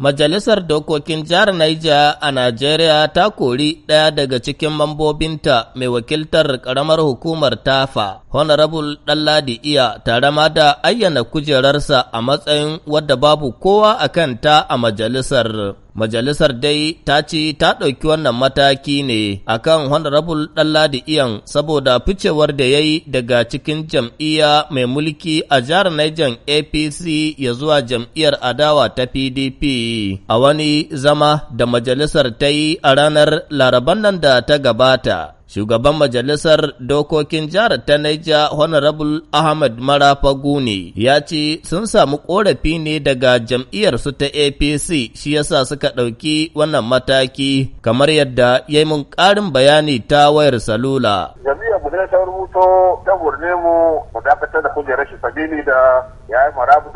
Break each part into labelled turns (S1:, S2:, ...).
S1: Majalisar Dokokin Jihar Niger a Najeriya ta kori ɗaya daga cikin mambobinta mai wakiltar ƙaramar hukumar Tafa, Honorable Ɗanladi Iya, tare ma da ayyana kujerarsa a matsayin wadda babu kowa a kanta a majalisar. Majalisar dai ta ce ta ɗauki wannan mataki ne a akan Honorable ladi Iyan saboda ficewar da ya yi daga cikin jam'iyya mai mulki a jihar Niger APC ya zuwa jam'iyyar adawa ta PDP a wani zama da majalisar ta yi a ranar laraban nan da ta gabata. Shugaban Majalisar Dokokin Jihar ta Naija Honorable Ahmad Marafagu ne ya ce sun samu korafi ne daga jam'iyyarsu ta APC shi yasa suka ɗauki wannan mataki kamar yadda ya yi mun ƙarin bayani ta wayar salula.
S2: Jam'iyyar ta rubuto ta burne mu mu dakatar da kujerar shi sabili da ya yi marabu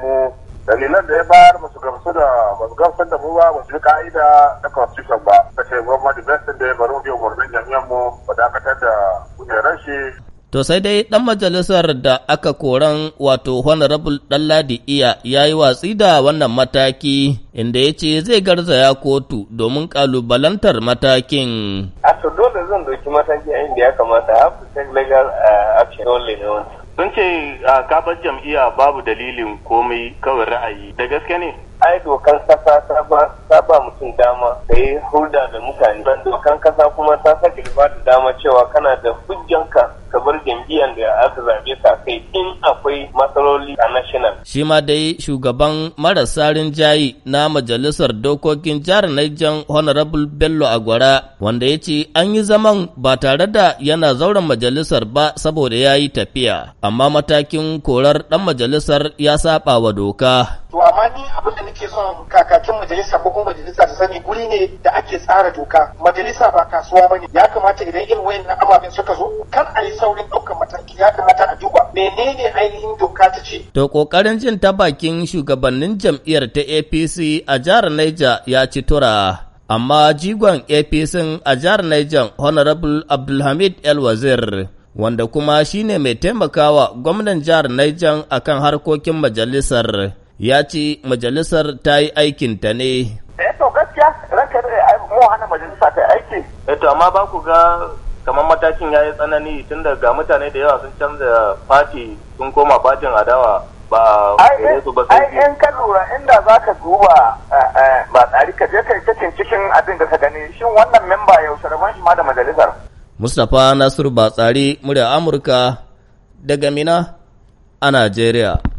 S2: mu dalilan da ya bayar masu gamsu da masu gamsu da mu ba masu ka'ida na constitution ba. ce da ya biyu ba dakatar da kujerar shi.
S1: To sai dai ɗan majalisar da aka koran wato Honorable Ɗanladi Iya ya yi watsi da wannan mataki inda ya ce zai garzaya kotu domin ƙalubalantar matakin.
S2: A to dole zan doki mataki a inda ya kamata, a have to legal uh, action only ne wani. Sun ce a uh, gabar jam'iyya babu dalilin komai kawai ra'ayi da gaske ne? ai dokan kasa ta ba ta ba mutum dama da ya hulda da mutane ban dokan kasa kuma ta sake ba da dama cewa kana da hujjanka akwai matsaloli a national.
S1: Shi ma dai shugaban marasa rinjaye na majalisar dokokin jihar Niger Honorable Bello Agwara wanda ya ce an yi zaman ba tare da yana zauren majalisar ba saboda ya yi tafiya, amma matakin korar ɗan majalisar ya saba wa doka. To
S2: amma ni abin da nake son kakakin majalisa ko kuma majalisa ta sani guri ne da ake tsara doka. Majalisa ba kasuwa bane. Ya kamata idan irin wayannan ababen suka zo kar a yi saurin ɗaukar mataki ya kamata
S1: menene ainihin doka ta ce. To kokarin jin ta bakin shugabannin jam'iyyar ta APC a jihar Niger ya ci tura. Amma jigon APC a jihar Niger Honorable Abdulhamid El Wazir wanda kuma shine mai taimakawa gwamnan jihar Niger akan harkokin majalisar ya ce majalisar ta yi aikinta ne.
S2: Eh to gaskiya ranka mu hana majalisa ta aiki. Eh to amma ba ku ga kamar matakin ya yi tsanani tun da ga mutane da yawa sun canza fati sun koma fatin adawa ba gare su ba sai in ka lura inda za ka duba eh, eh, ba tsari ka je ka ta cikin abin da ka gani shin wannan memba yau sharaban shi ma da majalisar
S1: Mustapha Nasiru Batsari murya Amurka daga Mina a Najeriya